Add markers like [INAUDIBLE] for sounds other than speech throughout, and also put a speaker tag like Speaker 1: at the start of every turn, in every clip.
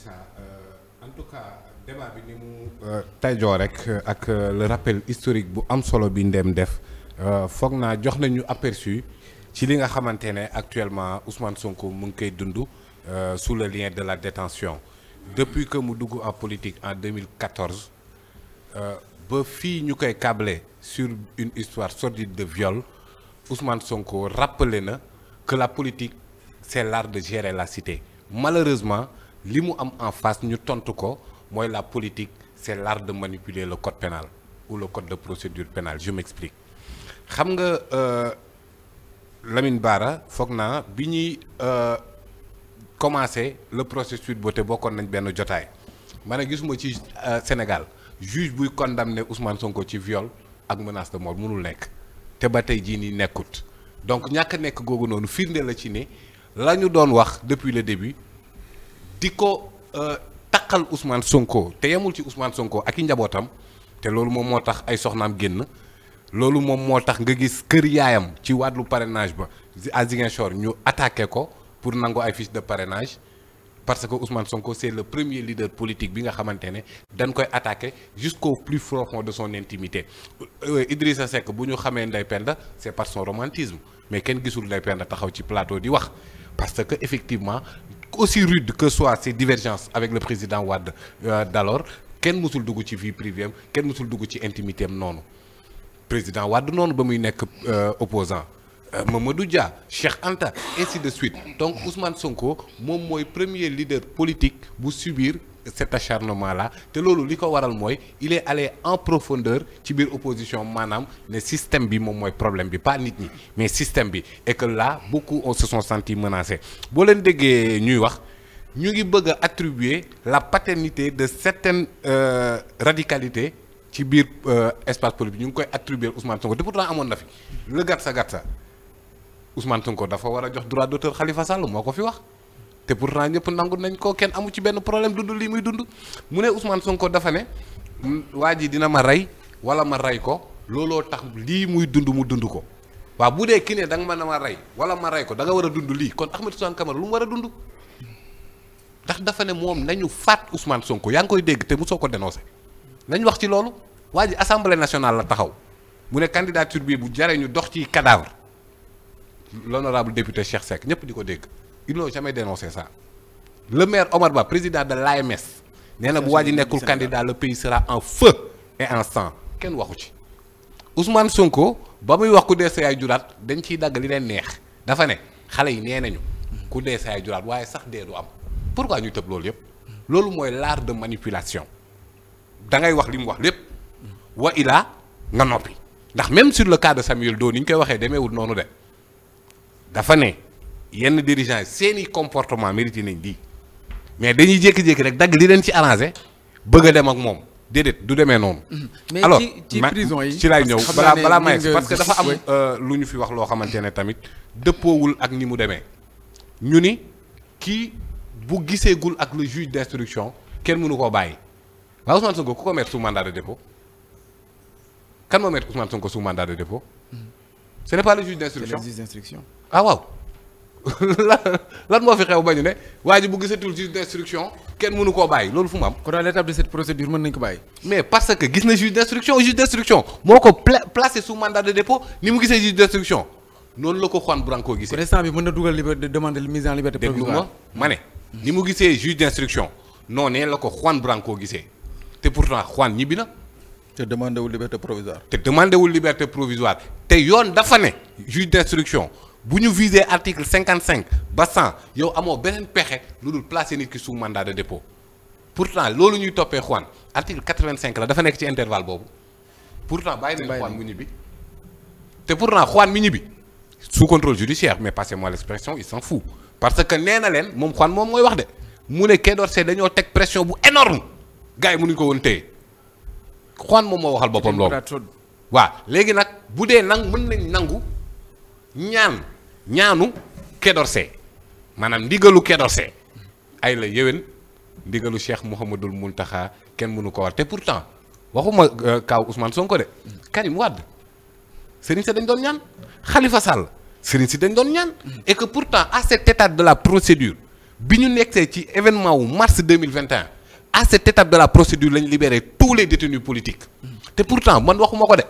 Speaker 1: Issa euh, en tout cas débat bi ni mu euh, tajoo rek euh, ak le rappel historique bu am solo bi Ndem def foog naa jox nañu aperçu ci li nga xamante ne actuellement Ousmane Sonko mu ngi koy dund su le lien de la détention depuis que mu dugg en politique en 2014 ba fii ñu koy câblé sur une histoire sordide de viol Ousmane Sonko rappelé na que la politique c'est l'art de gérer la cité malheureusement li mu am en face ñu tontu ko mooy la politique c'est l'art de manipuler le code pénal ou le code de procédure pénale je m'explique xam nga euh, Lamine Bara foog naa bi ñuy euh, commencé le processus beauté bokkoon nañ benn jotaay ma ne gisuma ci euh, Sénégal juge buy condamné Ousmane Sonko ci viol ak menace de mort mënul nekk te ba tey jii nii nekkut donc ñàkk nekk googu noonu firnde la ci ne la doon wax depuis le début di ko euh, takkal Ousmane Sonko te yemul ci Ousmane Sonko ak i njabootam te loolu moom moo tax ay soxnaam génn loolu moom moo tax nga gis kër yaayam ci wàllu parrainage ba à Ziguinchor ñu attaqué ko pour nangu ay fiche de parrainage parce que Ousmane Sonko c'est le premier leader politique bi nga xamante ne dañ koy attaqué jusqu'au plus profond de son intimité euh, Idrissa Seck bu ñu xamee Ndeye Penda c'est par son romantisme mais kenn gisul Ndeye Penda taxaw ci plateau di wax aussi rude que soient ses divergences avec le président Wade euh, d'alors kenn mosul dugg ci vie privée am kenn musul dugg ci intimité am noonu président wadd noonu ba muy nekk euh, opposant euh, Mamadou Dia Cheikh Anta ainsi de suite donc Ousmane Sonko moom mooy premier leader politique bu subir cet acharnement là te loolu li ko waral mooy il est allé en profondeur ci biir opposition maanaam ne système bi moom mooy problème bi pas nit ñi mais système bi et que là beaucoup on se santi sentis boo leen déggee ñuy wax ñu ngi bëgg a attribuer la paternité de certaines euh, radicalités ci biir euh, espace politique ñu ngi koy attribuer Ousmane Sonko te pourtant amoon na fi le gatsa gatsa Ousmane Sonko dafa war a jox droit d'auteur Khalifa Sall moo ko fi wax. te pourtant ñëpp nangu nañ ko kenn amu ci benn problème dund lii muy dund mu ne usman Sonko dafa ne waa ji dina ma rey wala ma rey ko looloo tax lii muy dund mu dund ko waaw bu dee ki danga da nga mën a ma rey wala ma rey ko danga war a dund lii kon Ahmed Suzanne Camara lu mu war a dund ndax dafa ne moom nañu faat Ousmane Sonko yaa ngi koy dégg te mu soo ko dénoncé nañ wax ci loolu waa ji assemblée nationale la taxaw mu ne candidature bii bu jaree ñu dox ci cadavre l'honorable député Cheikh Seck ñëpp di ko dégg. ils n'ont jamais dénoncé ça le maire Omar Ba président de l'AMS nee na bu waa ji nekkul candidat le pays sera en feu et en sang kenn waxu ci Ousmane Sonko ba muy wax ku dee sa yaay juraat dañ ciy dagg li leen neex dafa ne xale yi nee nañu ku dee sa yaay juraat waaye sax dee du am pourquoi ñu tëb loolu yëpp loolu mooy l'art de manipulation da ngay wax li mu wax lépp wa ilaa nga noppi ndax même sur le cas de Samuel Doe ni ñu koy waxee demeewul noonu de ne. yenn dirigeants yi seeni comportement mérité nañ lii mais dañuy jékki-jékki rek dagg li leen ci arrangé bëgg dem ak moom déedéet du demee noonu. Mm-hmm. mais ci ci yi ci laay ñëw balaa balaa may parce que dafa am euh, lu ñu fi wax loo xamante ne tamit dëppoowul ak ni mu demee ñu ni kii bu gul ak le juge d'instruction kenn mënu koo bàyyi waaw Ousmane Sonko ku ko mettre sous mandat de dépôt kan moo mettre Ousmane Sonko sous mandat de dépôt. Mm-hmm. ce n'est pas le juge d'instruction ah waaw. [LAUGHS] lan moo fi xew ba ñu ne waa ji bu gisatul juge d'instruction kenn mënu koo bàyyi loolu fu mu am. kon à l'étape de cette procédure mën nañu ko bàyyi. mais parce que gis na juge d'instruction juge d'instruction moo ko placé sous mandat de dépôt ni mu gisee juge d'instruction noonu la ko Juan Branco gisee. kon instant bi mën na dugal liberté demande mise en liberté provisoire ma ne. ni mu gisee juge d'instruction noonee la ko Juan Branco gisee te pourtant Juan ñibbi na. te demandé wul liberté provisoire. te demandé wul liberté provisoire te yoon dafa ne juge d'instruction. bu ñu viser article cinquante cinq ba cent yow amoo beneen pexe lu dul placer nit ki sous mandat de dépôt pourtant loolu ñuy toppee Juan article quatre vingt cinq la dafa nekk ci intervalle boobu pourtant bàyyi nañu Juan mu ñibbi te pourtant Juan mu ñibbi sous contrôle judiciaire mais passez-moi l'expression il s'en fout parce que nee leen moom Juan moom mooy wax de mu ne Quai d'Orsay dañoo teg pression bu énorme gars yi mënuñu ko woon téye Juan moom moo waxal boppam loolu. waa léegi nag bu dee nang mën nañ nangu. ñaan ñaanu kedorsee maanaam ndigalu kedorsee ay la yéwén ndigalu Cheikh Mouhamadul Mountakha kenn mënu ko war te pourtant waxuma euh, kaaw Ousmane ko de Karim Wade Serigne si dañ doon ñaan Khalifa Sall Serigne si dañ doon ñaan et que pourtant à cet étape de la procédure bi ñu nekkee ci événement wu mars 2021 à cette de la procédure lañ libéré tous les détenus politiques te pourtant man waxuma ko de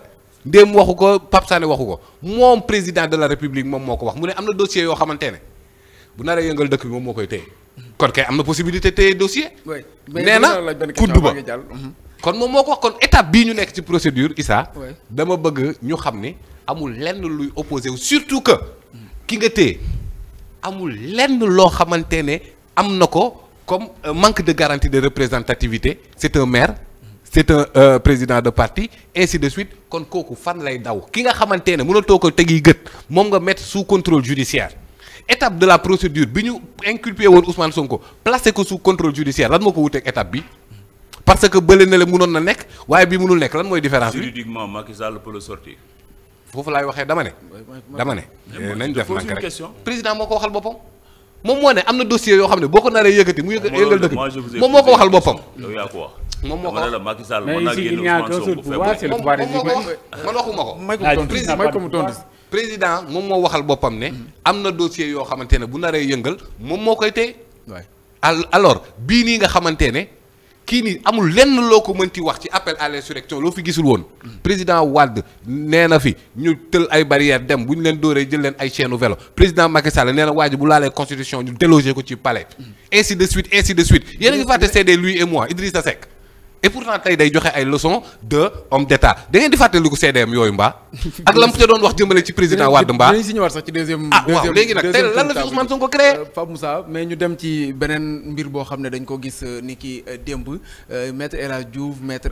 Speaker 1: ndéem waxu ko Pape Sané waxu ko moom président de la république moom moo ko wax mu ne am na dossier yoo xamante ne bu naree yëngal dëkk bi moom moo koy téye kon kay am na possibilité téye dossier. oui nee na kuddu ba mhm. kon moom moo ko wax kon étape bi ñu nekk ci procédure Issa. dama bëgg ñu xam ni amul lenn luy opposé wu surtout que ki nga tey amul lenn loo xamante ne am na ko comme euh, manque de garantie de représentativité c'est un maire. c'est un euh, président de parti ainsi de suite kon kooku fan lay daw ki nga xamante ne mënatoo ko tegi gët moom nga mettre sous contrôle judiciaire étape de la procédure bi ñu inculpé woon Ousmane Sonko placé ko sous contrôle judiciaire lan moo ko wuteeg étape bi parce que bële na la mënoon na nekk waaye bi mënul nekk lan mooy différence bi juridiquement Macky Sall peut le sortir. foofu laay waxee dama ne. dama ne. Eh, nañ def nag président moo ko waxal boppam. moom moo ne am na dossier yoo xam ne moom moo ko wax Macky Sall mën naa génn Ousmane Sonko bu fekkee man waxuma ko. may ko président moom moo waxal boppam ne. am na dossier yoo xamante ne bu naree yëngal moom moo koy téye. alors bii nii nga xamante ne kii nii amul lenn loo ko mënti wax ci appel à l'insurrection loo fi gisul woon. président Wade nee na fi ñu tël ay barrières dem bu ñu leen dóoree jël leen ay chaîne vélo président Macky Sall nee na waa ji constitution ñu délogé ko ci palais. ainsi de suite ainsi de suite yéen ngi fàtte moi Idrissa et pourtant tey day joxe ay leçons de homme d'état da ngeen di fàttaliku CDM yooyu mbaa. [LAUGHS] ak la mu doon wax jëmale ci président Wade mbaa. dinañ si ñëwaat sax ci deuxième. ah waaw léegi nag tey lan la fi Ousmane Sonko créé. Euh, Pape Moussa mais ñu dem ci beneen mbir boo xam ne dañ ko gis euh, ni ki euh, démb maître El Hadj Diouf maître.